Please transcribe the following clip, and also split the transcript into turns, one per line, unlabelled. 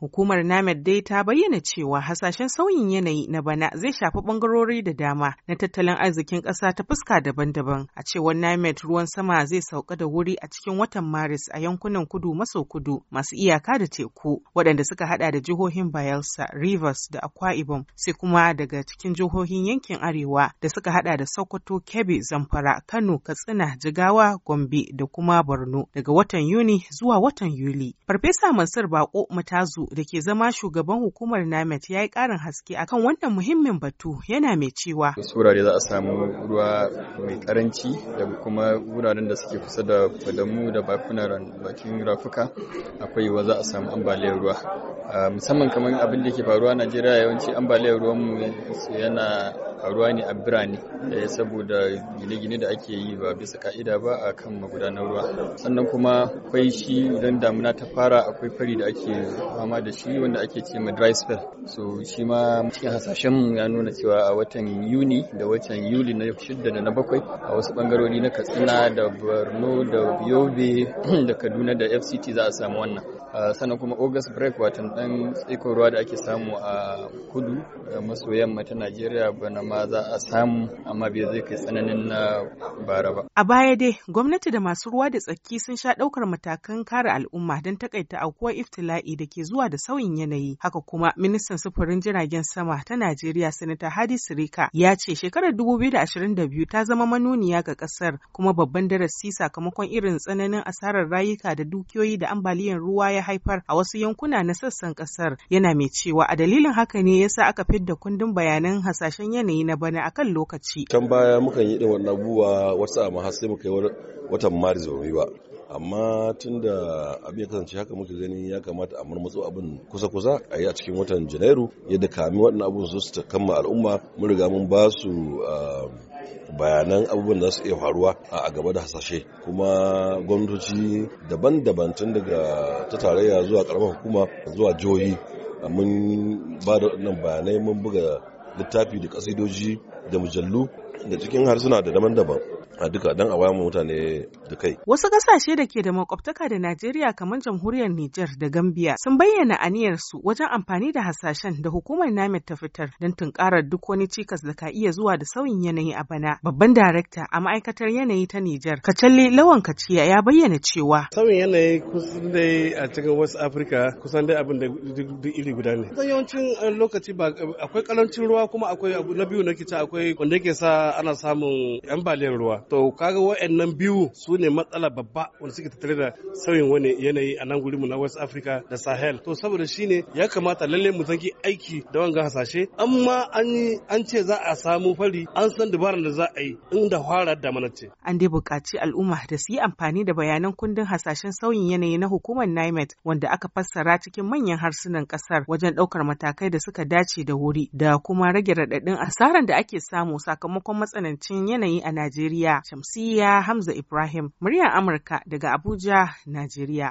Hukumar NAMED dai ta bayyana cewa hasashen sauyin yanayi na bana zai shafi bangarori da dama na tattalin arzikin ƙasa ta fuska daban-daban. A cewar NAMED ruwan sama zai sauka da wuri a cikin watan Maris a yankunan kudu maso kudu masu iyaka da teku waɗanda suka hada da jihohin Bayelsa, Rivers da Akwa Ibom sai kuma daga cikin jihohin yankin Arewa da suka hada da Sokoto, Kebbi, Zamfara, Kano, Katsina, Jigawa, Gombe da kuma Borno daga watan Yuni zuwa watan Yuli. Farfesa Mansur Bako Matazu da ke zama shugaban hukumar NAMET ya yi ƙarin haske akan wannan muhimmin batu yana mai cewa.
wurare za a samu ruwa mai karanci da kuma wuraren da suke kusa da kwadamu da bakunan bakin rafuka akwai wa za a samu ambaliyar ruwa. Musamman kamar abin da ke faruwa Najeriya yawanci ambaliyar ruwanmu yana faruwa ne a birane eh, saboda gine-gine da ake yi ba bisa ka'ida ba a kan magudanar ruwa sannan kuma akwai shi idan damuna ta fara akwai fari da ake fama da shi wanda ake ce ma dry spell so shi ma cikin hasashen mu ya nuna cewa a watan yuni da watan yuli na shidda da na bakwai a wasu bangarori na katsina da borno da yobe da kaduna da fct za a samu wannan sannan kuma august break watan dan tsikon ruwa da ake samu a kudu maso yamma ta najeriya bana ma za a samu amma bai zai kai tsananin na bara ba
a baya dai gwamnati da masu ruwa da tsaki sun sha daukar matakan kare al'umma don takaita aukuwar iftila'i da ke zuwa da sauyin yanayi. Haka kuma ministan sufurin jiragen sama ta Najeriya Sanata Hadi Sirika ya ce shekarar 2022 ta zama manuniya ga kasar kuma babban darasi sakamakon irin tsananin asarar rayuka da dukiyoyi da ambaliyar ruwa ya haifar a wasu yankuna na sassan kasar yana mai cewa a dalilin haka ne yasa aka fidda kundin bayanan hasashen yanayi na bana akan lokaci.
Can baya mukan yi irin wannan abubuwa wasu a har sai muka yi watan Maris amma tun da abin ya kasance haka muka gani ya kamata a marmatsu abin kusa-kusa a yi a cikin watan janairu yadda kami waɗannan abin su su kama al'umma mun riga mun ba su ah, bayanan abubuwan da su iya faruwa a gaba da hasashe kuma gwamnatoci daban-daban tun daga ta tarayya zuwa karamar hukuma zuwa jihohi mun ba da waɗannan bayanai mun buga littafi da kasidoji da mujallu da cikin harsuna da daban-daban a duka don a waya mutane da kai.
Wasu kasashe da ke da makwabtaka da Najeriya kamar jamhuriyar Nijar da Gambia sun bayyana aniyarsu wajen amfani da hasashen da hukumar NAMED ta fitar don tunkarar duk wani cikas da ka iya zuwa da sauyin yanayi a bana. Babban darakta a ma'aikatar yanayi ta Nijar, Kacalle Lawan Kaciya ya bayyana cewa.
Sauyin yanayi kusan dai a cikin West Africa kusan dai abin da duk iri guda ne. Kusan yawancin eh, lokaci ba akwai kalancin ruwa kuma akwai na biyu na kita akwai wanda yake sa ana samun ambaliyar ruwa. to kaga wa'annan biyu su ne matsala babba wanda suke tattare da sauyin wani yanayi a nan gurinmu na West Africa da Sahel to saboda shine ya kamata lalle mu zangi aiki da wanga hasashe amma an an ce za a samu fari an san dabarar da za a yi inda fara da mana ce
an dai buƙaci al'umma da su yi amfani da bayanan kundin hasashen sauyin yanayi na hukumar NIMET wanda aka fassara cikin manyan harsunan ƙasar wajen ɗaukar matakai da suka dace da wuri da kuma rage raɗaɗin asaran da ake samu sakamakon matsanancin yanayi a Najeriya Shamsiyya Hamza Ibrahim, muryar Amurka daga Abuja, Najeriya.